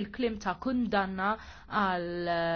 il-klim ta' kundanna għal